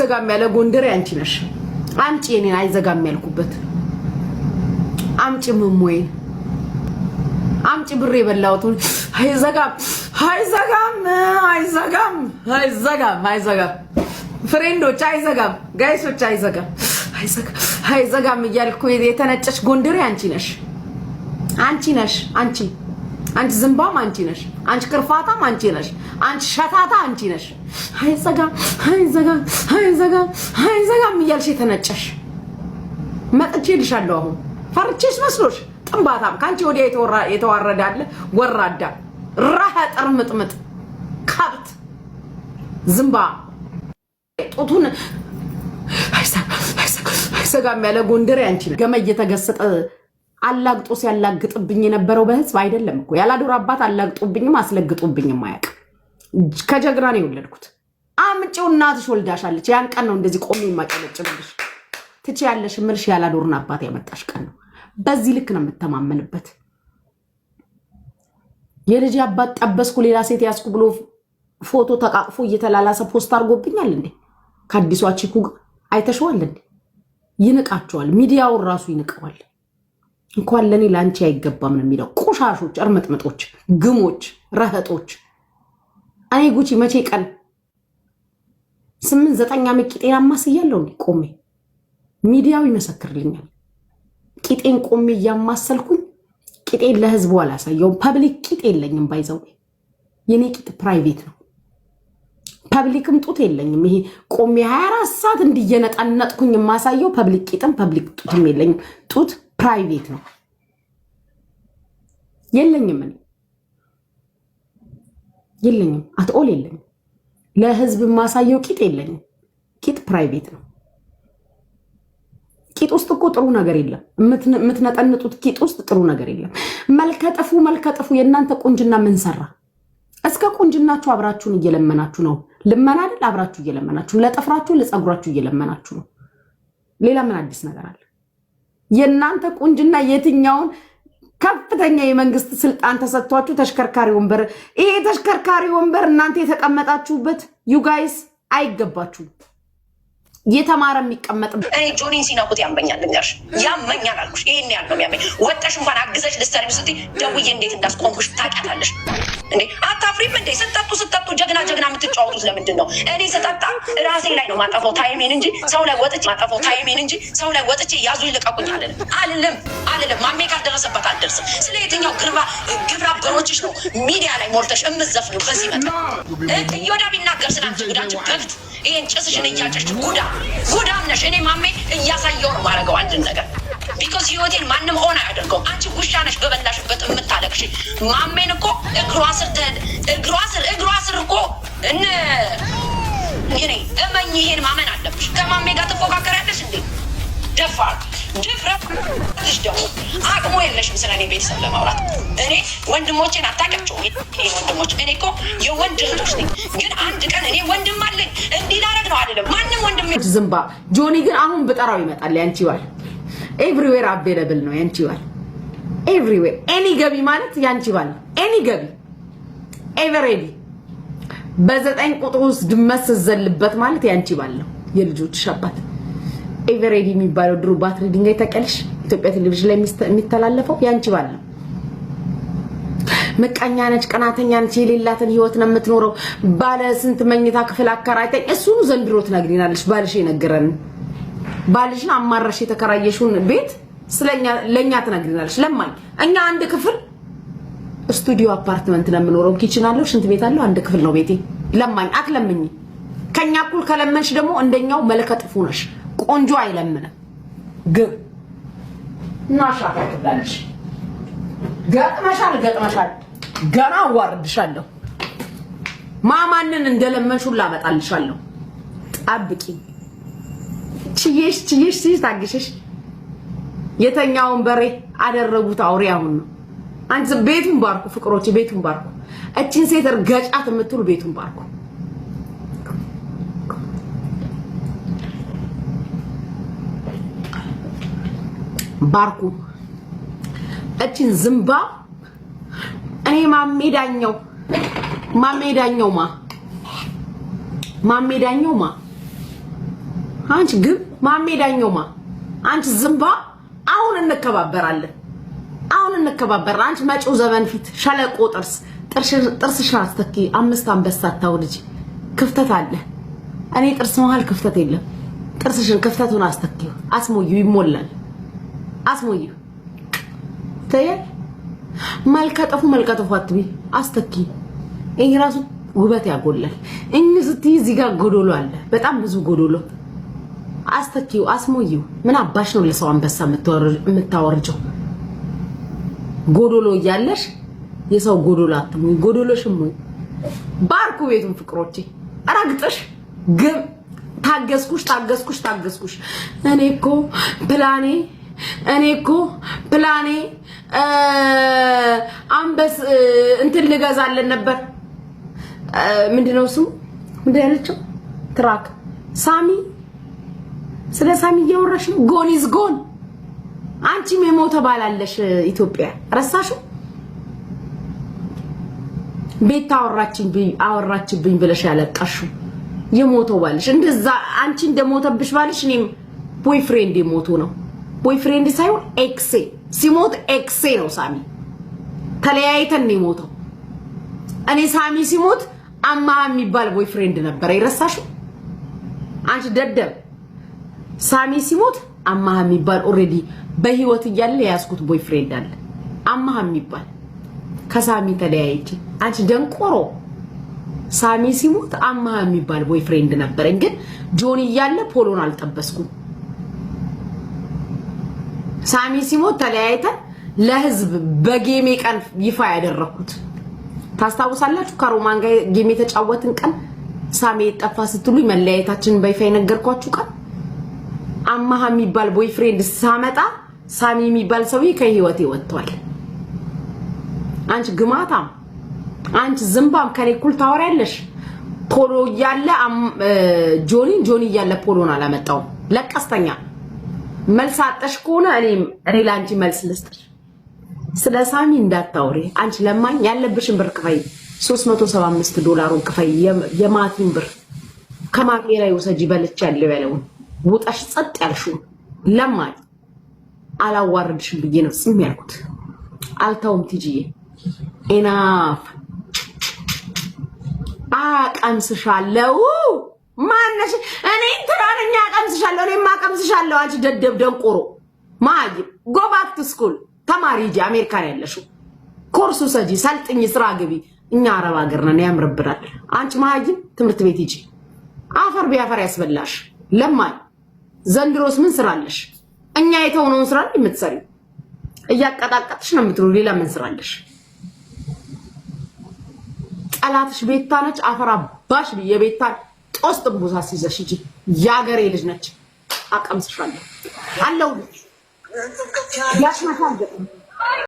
አይዘጋም ያለ ጎንደሬ አንቺ ነሽ። አምጪ የኔን አይዘጋም ያልኩበት አምጪ ምሞይ አምጪ ብር የበላሁት አይዘጋም አይዘጋም አይዘጋም አይዘጋም አይዘጋም ፍሬንዶች አይዘጋም ጋይሶች አይዘጋም አይዘጋም እያልኩ የተነጨሽ ጎንደሬ አንቺ ነሽ። አንቺ ነሽ አንቺ አንቺ ዝንባም አንቺ ነሽ። አንቺ ክርፋታም አንቺ ነሽ። አንቺ ሸታታ አንቺ ነሽ። አይ ዘጋ አይ ዘጋ አይ ዘጋ አይ ዘጋ እያልሽ የተነጨሽ መጥቼ ልሻለሁ። አሁን ፈርቼሽ መስሎሽ ጥንባታም ከአንቺ ወዲያ የተዋረደ አለ። ወራዳ ራሀ ጠርምጥምጥ ከብት ዝንባ ጡቱን አይሰጋም ያለ ጎንደሬ አንቺ ገመ እየተገሰጠ አላግጦ ሲያላግጥብኝ የነበረው በህዝብ አይደለም እኮ ያላዶር አባት አላግጦብኝም አስለግጦብኝም አያውቅም። ከጀግና ነው የወለድኩት። አምጪው እናትሽ ወልዳሻለች። ያን ቀን ነው እንደዚህ ቆሜ የማጨበጭብልሽ። ያለሽ ምርሽ ያላዶርን አባት ያመጣሽ ቀን ነው። በዚህ ልክ ነው የምተማመንበት። የልጅ አባት ጠበስኩ ሌላ ሴት ያስኩ ብሎ ፎቶ ተቃቅፎ እየተላላሰ ፖስት አድርጎብኛል እንዴ? ከአዲሷ ቺኩ አይተሸዋል እንዴ? ይንቃቸዋል። ሚዲያውን ራሱ ይንቀዋል። እንኳን ለእኔ ለአንቺ አይገባም ነው የሚለው። ቆሻሾች፣ እርምጥምጦች፣ ግሞች፣ ረህጦች። እኔ ጉቺ መቼ ቀን ስምንት ዘጠኝ ዓመት ቂጤናማ ስያለሁ ቆሜ ሚዲያው ይመሰክርልኛል። ቂጤን ቆሜ እያማሰልኩኝ ቂጤን ለህዝቡ አላሳየውም። ፐብሊክ ቂጥ የለኝም። ባይዘው የኔ ቂጥ ፕራይቬት ነው። ፐብሊክም ጡት የለኝም። ይሄ ቆሜ 24 ሰዓት እንዲየነጣነጥኩኝ የማሳየው ፐብሊክ ቂጥም ፐብሊክ ጡትም የለኝም። ጡት ፕራይቬት ነው የለኝም፣ እኔ የለኝም፣ አትኦል የለኝም። ለህዝብ የማሳየው ቂጥ የለኝም። ቂጥ ፕራይቬት ነው። ቂጥ ውስጥ እኮ ጥሩ ነገር የለም። የምትነጠንጡት ቂጥ ውስጥ ጥሩ ነገር የለም። መልከጥፉ መልከጥፉ የእናንተ ቁንጅና ምን ሰራ? እስከ ቁንጅናችሁ አብራችሁን እየለመናችሁ ነው። ልመና አይደል? አብራችሁ እየለመናችሁ ለጥፍራችሁ፣ ለፀጉራችሁ እየለመናችሁ ነው። ሌላ ምን አዲስ ነገር አለ? የእናንተ ቁንጅና የትኛውን ከፍተኛ የመንግስት ስልጣን ተሰጥቷችሁ ተሽከርካሪ ወንበር ይሄ ተሽከርካሪ ወንበር እናንተ የተቀመጣችሁበት ዩጋይስ አይገባችሁም። የተማረ የሚቀመጥ እኔ ጆኒን ሲናቁት ያመኛል። ልንገርሽ ያመኛል አልኩሽ። ይህን ያል ነው የሚያመኝ። ወጠሽ እንኳን አግዘሽ ልሰርቪስ ስትይ ደውዬ እንዴት እንዳስቆምኩሽ ታውቂያታለሽ እንዴ? አታፍሪም እንዴ? ስጠጡ ስጠጡ ጀግና ጀግና የምትጫወቱት ለምንድን ነው? እኔ ስጠጣ ራሴ ላይ ነው ማጠፈው ታይሜን እንጂ ሰው ላይ ወጥቼ ማጠፈው ታይሜን እንጂ ሰው ላይ ወጥቼ ያዙኝ ልቀቁኝ አልልም አልልም አልልም ማሜ ያልደረሰበት አልደርስም። ስለ የትኛው ግብረ አበሮችሽ ነው ሚዲያ ላይ ሞልተሽ እምትዘፍኑ? በዚህ መጠን እዮዳብ ይናገር ስላንቺ ጉዳች በግት ይህን ጭስሽን እያጨሽ ጉዳ ጉዳም ነሽ። እኔ ማሜ እያሳየው ነው ማድረገው አንድን ነገር ቢኮዝ ህይወቴን ማንም ሆን አያደርገው። አንቺ ውሻ ነሽ በበላሽበት የምታለቅሽ። ማሜን እኮ እግሯ ስር እግሯ ስር እግሯ ስር እኮ እነ እኔ እመኝ ይሄን ማመን አለብሽ። ከማሜ ጋር ትፎካከሪያለሽ እንዴ? ደፋር ድፍረትሽ ደግሞ አቅሙ የለሽም። ስለ እኔ ቤተሰብ ለማውራት እኔ ወንድሞቼን አታውቂያቸውም። ወንድሞች እኔ እኮ የወንድ እህቶች ነኝ። ግን አንድ ቀን እኔ ወንድም አለኝ እንዲህ ላደርግ ነው አይደለም። ማንም ወንድም ዝምባ ጆኒ ግን አሁን ብጠራው ይመጣል። ያንቺ ይዋል ኤቭሪዌር አቬለብል ነው። ያንቺ ይዋል ኤቭሪዌር ኤኒ ገቢ ማለት ያንቺ ይዋል ኤኒ ገቢ ኤቨሬዲ በዘጠኝ ቁጥር ውስጥ ድመት ዘልበት ማለት ያንቺ ይዋል ነው። የልጆችሽ አባት ኤቨሬዲ የሚባለው ድሮ ባትሪ ድንጋይ ተቀልሽ ኢትዮጵያ ቴሌቪዥን ላይ የሚተላለፈው ያንቺ ባል ነው። ምቀኛ ነች፣ ቀናተኛ ነች፣ የሌላትን ህይወት ነው የምትኖረው። ባለ ስንት መኝታ ክፍል አከራይተኝ። እሱኑ ዘንድሮ ትነግሪናለሽ። ባልሽ የነገረን ባልሽን አማራሽ የተከራየሽውን ቤት ስለኛ ለኛ ትነግሪናለሽ። ለማኝ እኛ አንድ ክፍል ስቱዲዮ አፓርትመንት ነው የምኖረው። ኪችን አለው፣ ሽንት ቤት አለው፣ አንድ ክፍል ነው ቤቴ። ለማኝ አትለምኝ። ከኛ እኩል ከለመንሽ ደግሞ እንደኛው መለከጥፉ ነሽ። ቆንጆ አይለምንም። ግብ እናሻፈር ትላለች። ገጥመሻል ገጥመሻል። ገና አዋርድሻለሁ። ማማንን እንደለመንሹን ላመጣልሻለሁ። ጠብቂ። ችዬሽ ችዬሽ ሲሽ ታግሽሽ። የተኛውን በሬ አደረጉት አውሬ። አሁን ነው አንቺ ቤቱን ባርኩ፣ ፍቅሮች ቤቱን ባርኩ። እቺን ሴት እርገጫት የምትሉ ቤቱን ባርኩ። ባርኩ እችን ዝምባ እኔ ማሜዳኛው ማሜዳኛው ማ ማሜዳኛው ማ አንቺ ግን ማሜዳኛው ማ አንቺ ዝምባ አሁን እንከባበራለን። አሁን እንከባበራለን። አንቺ መጪው ዘመን ፊት ሸለቆ ጥርስ ጥርስሽን አስተኪ። አምስት አንበሳ አታውልጂ። ክፍተት አለ። እኔ ጥርስ መሀል ክፍተት የለም። ጥርስሽን ክፍተቱን አስተኪ። አስሞዩ ይሞላል። አስሞይ ይታያል። መልከጠፉ መልከጠፉ አትቢ አስተኪ። ይህ ራሱ ውበት ያጎላል። እኝ ስትይ እዚህ ጋር ጎዶሎ አለ፣ በጣም ብዙ ጎዶሎ። አስተኪው አስሞዬው ምን አባሽ ነው ለሰው አንበሳ የምታወርጀው? ጎዶሎ እያለሽ የሰው ጎዶሎ አትሙኝ፣ ጎዶሎሽ ሙኝ። ባርኩ ቤቱን ፍቅሮቼ፣ ረግጥሽ ግን ታገዝኩሽ፣ ታገዝኩሽ፣ ታገዝኩሽ። እኔ እኮ ፕላኔ እኔ እኮ ፕላኔ አንበስ እንትን ልገዛለን ነበር። ምንድነው ስሙ? ምንድን ያለችው ትራክ ሳሚ። ስለ ሳሚ እያወራሽ ነው። ጎን ኢዝ ጎን። አንቺም የሞተ ባላለሽ ኢትዮጵያ ረሳሽው። ቤት አወራችብኝ ብለሽ ያለቀሽው የሞተው ባልሽ እንደዛ አንቺ እንደሞተብሽ ባልሽ እኔም ቦይፍሬንድ የሞቱ ነው ቦይፍሬንድ ሳይሆን ኤክሴ ሲሞት ኤክሴ ነው። ሳሚ ተለያይተን ነው የሞተው። እኔ ሳሚ ሲሞት አማሃ የሚባል ቦይፍሬንድ ነበረ። የረሳሽው አንቺ ደደብ። ሳሚ ሲሞት አማሃ የሚባል ኦልሬዲ በህይወት እያለ የያዝኩት ቦይፍሬንድ አለ። አማሃ የሚባል ከሳሚ ተለያይቼ። አንቺ ደንቆሮ ሳሚ ሲሞት አማሃ የሚባል ቦይፍሬንድ ነበረኝ፣ ግን ጆን እያለ ፖሎን አልጠበስኩም። ሳሚ ሲሞት ተለያይተን ለህዝብ በጌሜ ቀን ይፋ ያደረኩት ታስታውሳላችሁ? ከሮማን ጋር ጌሜ የተጫወትን ቀን ሳሚ የጠፋ ስትሉ መለያየታችንን በይፋ የነገርኳችሁ ቀን አማሃ የሚባል ቦይፍሬንድ ሳመጣ ሳሚ የሚባል ሰውዬ ከህይወቴ ወጥቷል። አንቺ ግማታም፣ አንቺ ዝምባም ከኔ እኩል ታወሪያለሽ። ፖሎ እያለ ጆኒ ጆኒ እያለ ፖሎን አላመጣውም ለቀስተኛ መልስ አጠሽ ከሆነ እኔም እኔ ለአንቺ መልስ ልስጥሽ። ስለ ሳሚ እንዳታውሪ አንቺ ለማኝ ያለብሽን ብር ክፈይ፣ 375 ዶላሩን ክፈይ። የማቲን ብር ከማቴ ላይ ውሰጂ። በልቻ ያለ በለውን ውጣሽ ጸጥ ያልሽው ለማኝ አላዋርድሽም ብዬ ነው ጽም ያልኩት። አልተውም ትጅዬ ኤናፍ አቀምስሻለው። ማነሽ? እኔ እኛ አቀምስሻለሁ፣ እኔ ማቀምስሻለሁ። አንቺ ደደብ ደንቆሮ ማይም ጎ ባክ ቱ ስኩል ተማሪ ሂጂ። አሜሪካን ያለሽው ኮርሱ ሰጂ፣ ሰልጥኝ፣ ስራ ግቢ። እኛ አረብ ሀገር ነን ያምርብናል። አንቺ ማይም ትምህርት ቤት ሂጂ። አፈር ቢያፈር ያስበላሽ ለማኝ። ዘንድሮስ ምን ስራ አለሽ? እኛ የተውነውን ስራ የምትሰሪው እያቀጣቀጥሽ ነው የምትሉ። ሌላ ምን ስራ አለሽ? ጠላትሽ ቤታ ነች። አፈር አባሽ የቤታ ጦስ ጥንቡዛ ሲዘሽ ሂጂ። የሀገሬ ልጅ ነች። አቀምስሻለሁ አለው ያሽናታ